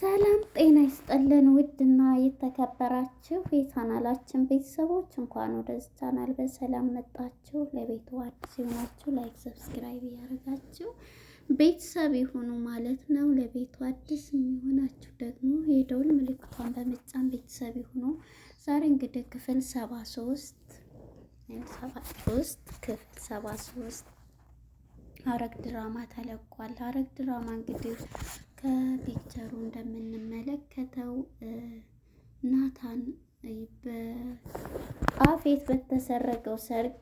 ሰላም ጤና ይስጠልን። ውድና የተከበራችሁ የቻናላችን ቤተሰቦች እንኳን ወደ ቻናል በሰላም መጣችሁ። ለቤቱ አዲስ የሆናችሁ ላይክ፣ ሰብስክራይብ እያደረጋችሁ ቤተሰብ የሆኑ ማለት ነው። ለቤቱ አዲስ የሚሆናችሁ ደግሞ የደውል ምልክቷን በመጫን ቤተሰብ የሆኑ ዛሬ እንግዲህ ክፍል ሰባ ሶስት ሰባ ሶስት ክፍል ሰባ ሶስት ሐረግ ድራማ ተለቋል። ሐረግ ድራማ እንግዲህ ከፒክቸሩ እንደምንመለከተው ናታን በአፌት በተሰረቀው ሰርግ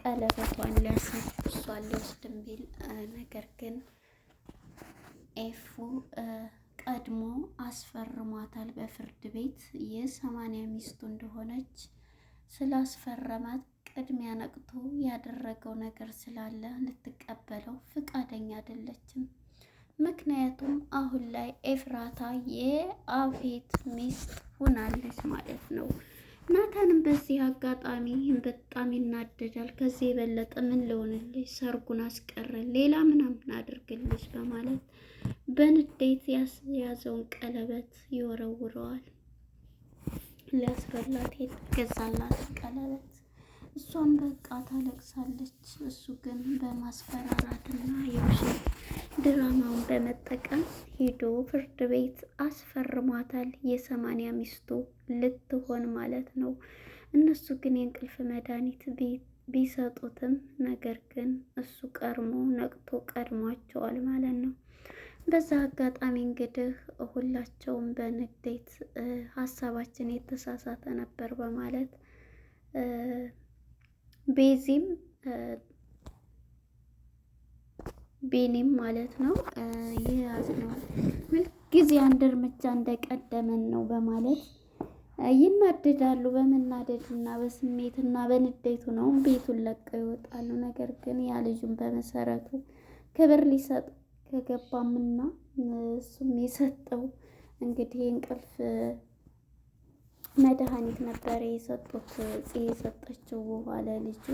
ቀለበቷን ሊያሰርቅ እሷን ሊወስድ ቢል ነገር ግን ኤፉ ቀድሞ አስፈርሟታል በፍርድ ቤት የሰማንያ ሚስቱ እንደሆነች ስላስፈረማት ቅድሚያ ነቅቶ ያደረገው ነገር ስላለ ልትቀበለው ፍቃደኛ አይደለችም። ምክንያቱም አሁን ላይ ኤፍራታ የአፌት ሚስት ሆናለች ማለት ነው። ናታንም በዚህ አጋጣሚ ይህን በጣም ይናደዳል። ከዚህ የበለጠ ምን ልሆንልሽ፣ ሰርጉን አስቀረን፣ ሌላ ምናምን አድርግልሽ በማለት በንዴት ያስያዘውን ቀለበት ይወረውረዋል። ሊያስበላት የተገዛላት ቀለበት እሷም በቃ ታለቅሳለች። እሱ ግን በማስፈራራትና የውሸት ድራማውን በመጠቀም ሄዶ ፍርድ ቤት አስፈርሟታል። የሰማንያ ሚስቱ ልትሆን ማለት ነው። እነሱ ግን የእንቅልፍ መድኃኒት ቢሰጡትም ነገር ግን እሱ ቀድሞ ነቅቶ ቀድሟቸዋል ማለት ነው። በዛ አጋጣሚ እንግዲህ ሁላቸውም በንዴት ሀሳባችን የተሳሳተ ነበር በማለት ቤዚም ቤኔም ማለት ነው ይያዝነዋል። ሁልጊዜ አንድ እርምጃ እንደቀደመን ነው በማለት ይናደዳሉ። በመናደዱና በስሜትና በንዴቱ ነው ቤቱን ለቀው ይወጣሉ። ነገር ግን ያ ልጁን በመሰረቱ ክብር ሊሰጥ ከገባምና እሱም የሰጠው እንግዲህ እንቅልፍ መድኃኒት ነበረ የሰጡት የሰጠችው በኋላ ልጁ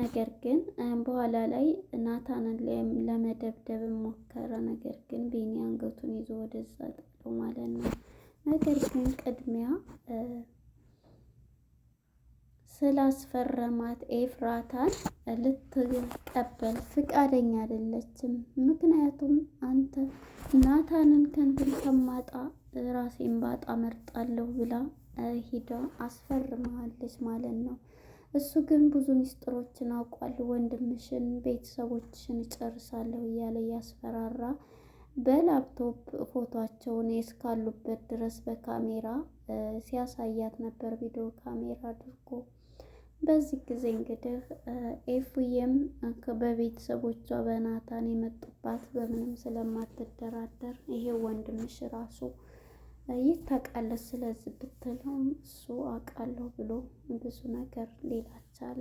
ነገር ግን በኋላ ላይ ናታንን ለመደብደብ ሞከረ። ነገር ግን ቤኒ አንገቱን ይዞ ወደዛ ጥሎ ማለት ነው። ነገር ግን ቅድሚያ ስላስፈረማት ኤፍራታን ልትቀበል ፍቃደኛ አይደለችም። ምክንያቱም አንተ ናታንን ከንትን ከማጣ ራሴን ባጣ መርጣለሁ ብላ ሂዳ አስፈርመዋለች ማለት ነው። እሱ ግን ብዙ ሚስጥሮችን አውቋል። ወንድምሽን፣ ቤተሰቦችሽን ጨርሳለሁ እያለ እያስፈራራ በላፕቶፕ ፎቶቸውን እስካሉበት ድረስ በካሜራ ሲያሳያት ነበር፣ ቪዲዮ ካሜራ አድርጎ። በዚህ ጊዜ እንግዲህ ኤፉዬም በቤተሰቦቿ በናታን የመጡባት በምንም ስለማትደራደር ይሄ ወንድምሽ ራሱ ይህ ታውቃለህ ስለዚህ ብትለውም እሱ አውቃለሁ ብሎ ብዙ ነገር ሌላ ቻለ።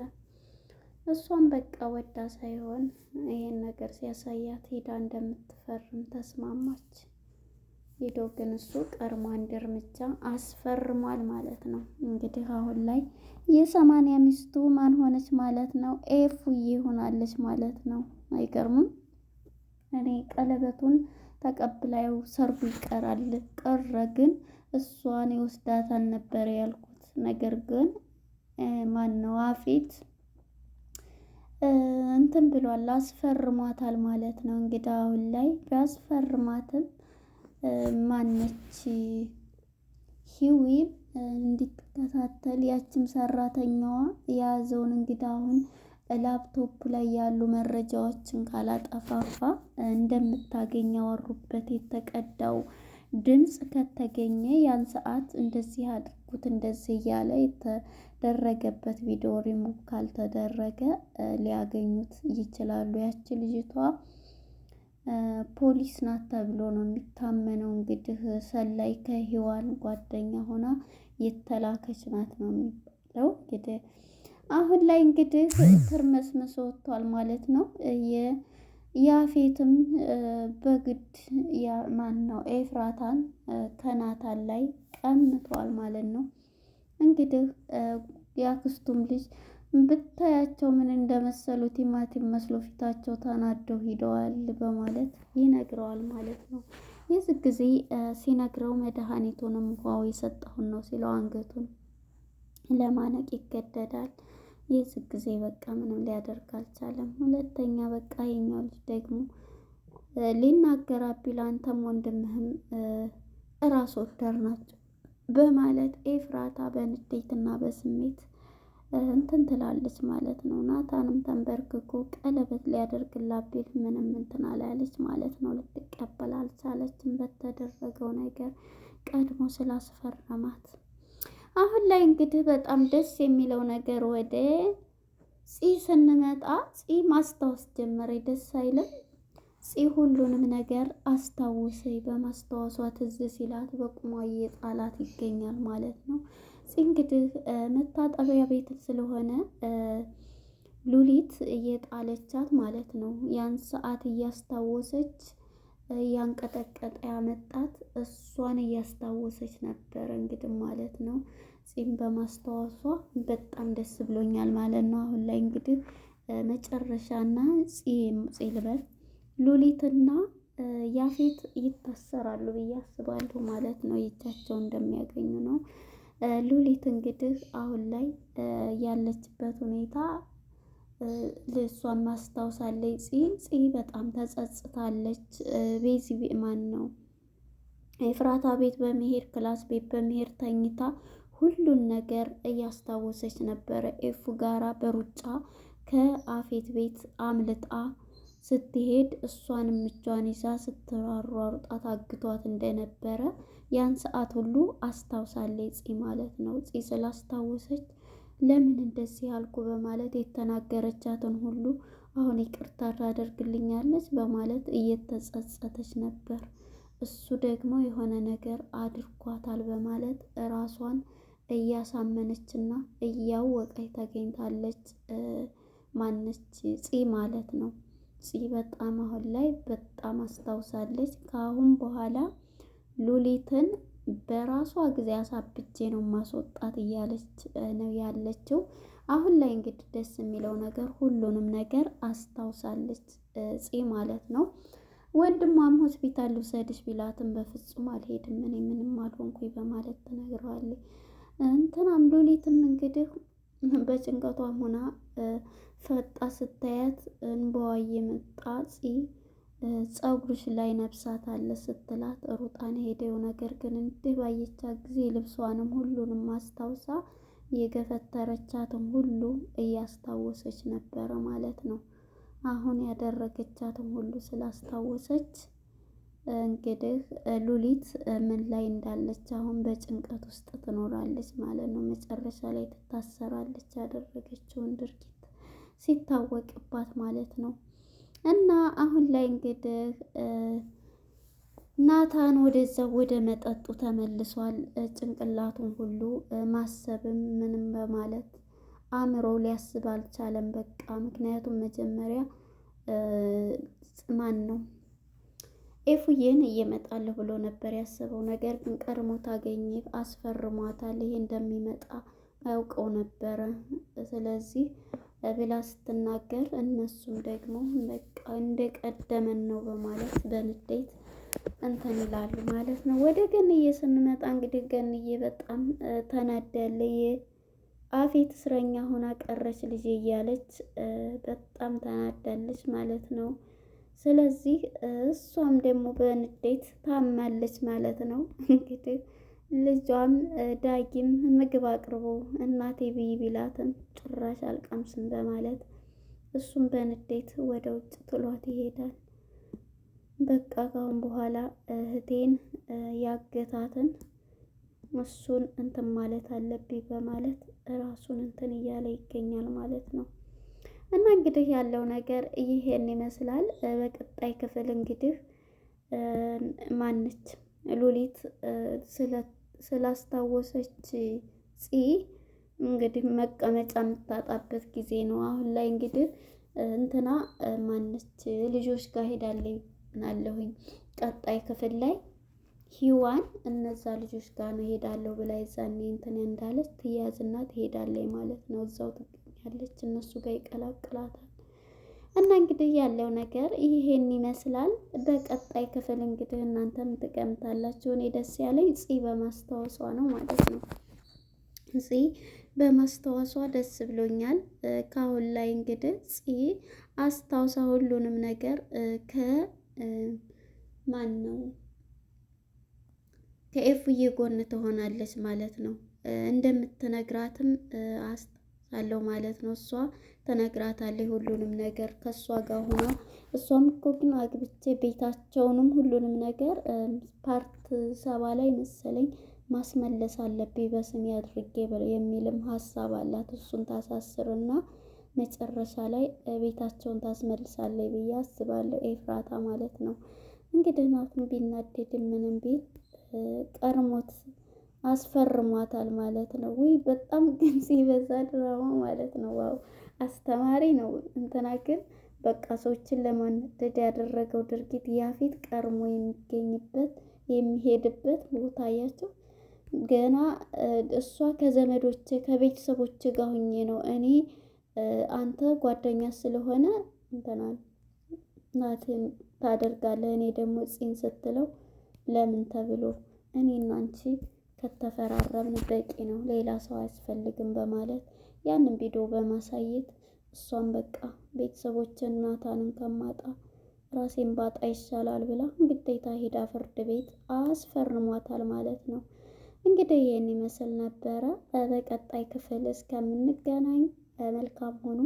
እሷም በቃ ወዳ ሳይሆን ይሄን ነገር ሲያሳያት ሄዳ እንደምትፈርም ተስማማች። ሄዶ ግን እሱ ቀድሞ አንድ እርምጃ አስፈርሟል ማለት ነው። እንግዲህ አሁን ላይ የሰማንያ ሚስቱ ማን ሆነች ማለት ነው? ኤፉዬ ሆናለች ማለት ነው። አይገርምም? እኔ ቀለበቱን ተቀብላዩ ሰርጉ ይቀራል። ቀረ ግን እሷን ይወስዳታል ነበር ያልኩት። ነገር ግን ማነው አፌት እንትን ብሏል፣ አስፈርሟታል ማለት ነው። እንግዲህ አሁን ላይ ቢያስፈርማትም ማነች ሂዊም እንዲከታተል ያችም ሰራተኛዋ የያዘውን እንግዲህ አሁን ላፕቶፕ ላይ ያሉ መረጃዎችን ካላጠፋፋ እንደምታገኝ ያወሩበት የተቀዳው ድምፅ ከተገኘ ያን ሰዓት እንደዚህ አድርጉት እንደዚህ እያለ የተደረገበት ቪዲዮ ሪሙቭ ካልተደረገ ሊያገኙት ይችላሉ። ያች ልጅቷ ፖሊስ ናት ተብሎ ነው የሚታመነው። እንግዲህ ሰላይ ከህዋን ጓደኛ ሆና የተላከች ናት ነው የሚባለው እንግዲህ አሁን ላይ እንግዲህ ትርምስምስ ወጥቷል ማለት ነው። ያፌትም በግድ ማን ነው ኤፍራታን ከናታን ላይ ቀምቷል ማለት ነው። እንግዲህ የአክስቱም ልጅ ብታያቸው ምን እንደመሰሉ ቲማቲም መስሎ ፊታቸው ተናደው ሂደዋል በማለት ይነግረዋል ማለት ነው። ይህ ጊዜ ሲነግረው መድኃኒቱንም ውሃው የሰጠሁን ነው ሲለው አንገቱን ለማነቅ ይገደዳል። የዚህ ጊዜ በቃ ምንም ሊያደርግ አልቻለም። ሁለተኛ በቃ የኛው ልጅ ደግሞ ሊናገራ ቢል አንተም ወንድምህም እራስ ወልደር ናቸው በማለት ኤፍራታ በንዴትና በስሜት እንትን ትላለች ማለት ነው። ናታንም ተንበርክኮ ቀለበት ሊያደርግላት ቢል ምንም እንትን አላለች ማለት ነው። ልትቀበል አልቻለችም በተደረገው ነገር ቀድሞ ስላስፈረማት አሁን ላይ እንግዲህ በጣም ደስ የሚለው ነገር ወደ ፂ ስንመጣ ፂ ማስታወስ ጀመረ። ደስ አይልም? ፂ ሁሉንም ነገር አስታውሰ በማስታወሷ ትዝ ሲላት በቁሟ ጣላት ይገኛል ማለት ነው። ፂ እንግዲህ መታጠቢያ ቤት ስለሆነ ሉሊት እየጣለቻት ማለት ነው። ያን ሰዓት እያስታወሰች ያንቀጠቀጠ ያመጣት እሷን እያስታወሰች ነበር እንግዲህ ማለት ነው። ጺም በማስታወሷ በጣም ደስ ብሎኛል ማለት ነው። አሁን ላይ እንግዲህ መጨረሻና ጺም ልበል ሉሊትና ያፌት ይታሰራሉ ብዬ አስባለሁ ማለት ነው። ይቻቸው እንደሚያገኙ ነው። ሉሊት እንግዲህ አሁን ላይ ያለችበት ሁኔታ ልሷን ማስታውሳለች። ፂ ፂ በጣም ተጸጽታለች። ቤዚ ማን ነው ኤፍራታ ቤት በመሄድ ክላስ ቤት በመሄድ ተኝታ ሁሉን ነገር እያስታወሰች ነበረ። ኤፉ ጋራ በሩጫ ከአፌት ቤት አምልጣ ስትሄድ እሷን እጇን ይዛ ስትሯሯሩጣት አግቷት እንደነበረ ያን ሰዓት ሁሉ አስታውሳለች። ፂ ማለት ነው። ፂ ስላስታወሰች ለምን እንደዚህ ያልኩ በማለት የተናገረቻትን ሁሉ አሁን ይቅርታ ታደርግልኛለች በማለት እየተጸጸተች ነበር። እሱ ደግሞ የሆነ ነገር አድርጓታል በማለት እራሷን እያሳመነችና እያወቀች ተገኝታለች። ማነች ፂ ማለት ነው። ፂ በጣም አሁን ላይ በጣም አስታውሳለች። ከአሁን በኋላ ሉሊትን በራሷ ጊዜ አሳብቼ ነው ማስወጣት እያለች ነው ያለችው። አሁን ላይ እንግዲህ ደስ የሚለው ነገር ሁሉንም ነገር አስታውሳለች ፂ ማለት ነው። ወንድሟም ሆስፒታል ልውሰድሽ ቢላትም በፍጹም አልሄድም እኔ ምንም አልሆንኩኝ በማለት ተነግረዋለች። እንትናም ሉሊትም እንግዲህ በጭንቀቷም ሆና ፈጣ ስታያት እንባዋ የመጣ ጸጉርሽ ላይ ነብሳት አለ ስትላት ሩጣን ሄደው ነገር ግን እንዲህ ባየቻ ጊዜ ልብሷንም ሁሉንም አስታውሳ የገፈተረቻትም ሁሉ እያስታወሰች ነበረ ማለት ነው። አሁን ያደረገቻትም ሁሉ ስላስታወሰች እንግዲህ ሉሊት ምን ላይ እንዳለች አሁን በጭንቀት ውስጥ ትኖራለች ማለት ነው። መጨረሻ ላይ ትታሰራለች ያደረገችውን ድርጊት ሲታወቅባት ማለት ነው። እና አሁን ላይ እንግዲህ ናታን ወደዛው ወደ መጠጡ ተመልሷል። ጭንቅላቱን ሁሉ ማሰብም ምንም በማለት አእምሮ ሊያስብ አልቻለም። በቃ ምክንያቱም መጀመሪያ ማን ነው ኤፉዬን እየመጣለሁ ብሎ ነበር ያሰበው። ነገር ግን ቀድሞ ታገኘ አስፈርሟታል። ይሄ እንደሚመጣ አያውቀው ነበረ። ስለዚህ ብላ ስትናገር እነሱም ደግሞ በቃ እንደቀደመን ነው በማለት በንዴት እንትን ይላሉ ማለት ነው። ወደ ገንዬ ስንመጣ እንግዲህ ገንዬ በጣም ተናዳለ። የአፌት እስረኛ ሆና ቀረች ልጄ እያለች በጣም ተናዳለች ማለት ነው። ስለዚህ እሷም ደግሞ በንዴት ታማለች ማለት ነው። እንግዲህ ልጇም ዳጊም ምግብ አቅርቦ እናቴ ብይ ቢላትም ጭራሽ አልቀምስም በማለት እሱም በንዴት ወደ ውጭ ጥሏት ይሄዳል። በቃ ካሁን በኋላ እህቴን ያገታትን እሱን እንትን ማለት አለብኝ በማለት እራሱን እንትን እያለ ይገኛል ማለት ነው። እና እንግዲህ ያለው ነገር ይሄን ይመስላል። በቀጣይ ክፍል እንግዲህ ማነች ሉሊት ስላስታወሰች ጽ እንግዲህ መቀመጫ የምታጣበት ጊዜ ነው። አሁን ላይ እንግዲህ እንትና ማነች ልጆች ጋር ሄዳለኝ ናለሁኝ ቀጣይ ክፍል ላይ ሂዋን እነዛ ልጆች ጋር ነው ሄዳለሁ ብላ የዛኔ እንትን እንዳለች ትያዝና ትሄዳለኝ ማለት ነው እዛው ትገኛለች። እነሱ ጋር ይቀላቅላታል። እና እንግዲህ ያለው ነገር ይሄን ይመስላል። በቀጣይ ክፍል እንግዲህ እናንተም ትቀምታላችሁ። እኔ ደስ ያለኝ ጽ በማስታወሷ ነው ማለት ነው። ጽ በማስታወሷ ደስ ብሎኛል። ከአሁን ላይ እንግዲህ ጽ አስታውሳ ሁሉንም ነገር ከማን ነው ከኤፉዬ ጎን ትሆናለች ማለት ነው። እንደምትነግራትም አለው ማለት ነው። እሷ ተነግራታለች ሁሉንም ነገር ከእሷ ጋር ሆኖ እሷም እኮ ግን አግብቼ ቤታቸውንም ሁሉንም ነገር ፓርት ሰባ ላይ መሰለኝ ማስመለስ አለብኝ በስሜ አድርጌ የሚልም ሀሳብ አላት። እሱን ታሳስርና መጨረሻ ላይ ቤታቸውን ታስመልሳለች ብዬ አስባለሁ። ኤፍራታ ማለት ነው እንግዲህ ናቱን ቢናደድም ምንም ቢል ቀርሞት አስፈርሟታል ማለት ነው። ውይ በጣም ግን ሲበዛ ድራማ ማለት ነው። ዋው አስተማሪ ነው። እንትና ግን በቃ ሰዎችን ያደረገው ድርጊት ያፌት ቀርሞ የሚገኝበት የሚሄድበት ቦታ ያቸው ገና እሷ ከዘመዶች ከቤተሰቦች ጋር ሁኜ ነው እኔ አንተ ጓደኛ ስለሆነ እንትና ናትን ታደርጋለህ እኔ ደግሞ ጽን ስትለው ለምን ተብሎ እኔ እና አንቺ ከተፈራረምን በቂ ነው፣ ሌላ ሰው አያስፈልግም በማለት ያንን ቪዲዮ በማሳየት እሷን በቃ ቤተሰቦችን ናታንን ከማጣ ራሴን ባጣ ይሻላል ብላ ግዴታ ሄዳ ፍርድ ቤት አስፈርሟታል ማለት ነው። እንግዲህ ይህን ይመስል ነበረ። በቀጣይ ክፍል እስከምንገናኝ መልካም ሆኖ።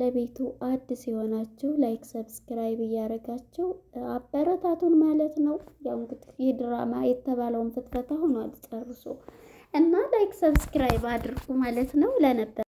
ለቤቱ አዲስ የሆናችሁ ላይክ ሰብስክራይብ እያደረጋችሁ አበረታቱን ማለት ነው። ያው እንግዲህ ይህ ድራማ የተባለውን ፍትፈታ ሆኗል ጨርሶ እና ላይክ ሰብስክራይብ አድርጉ ማለት ነው ለነበር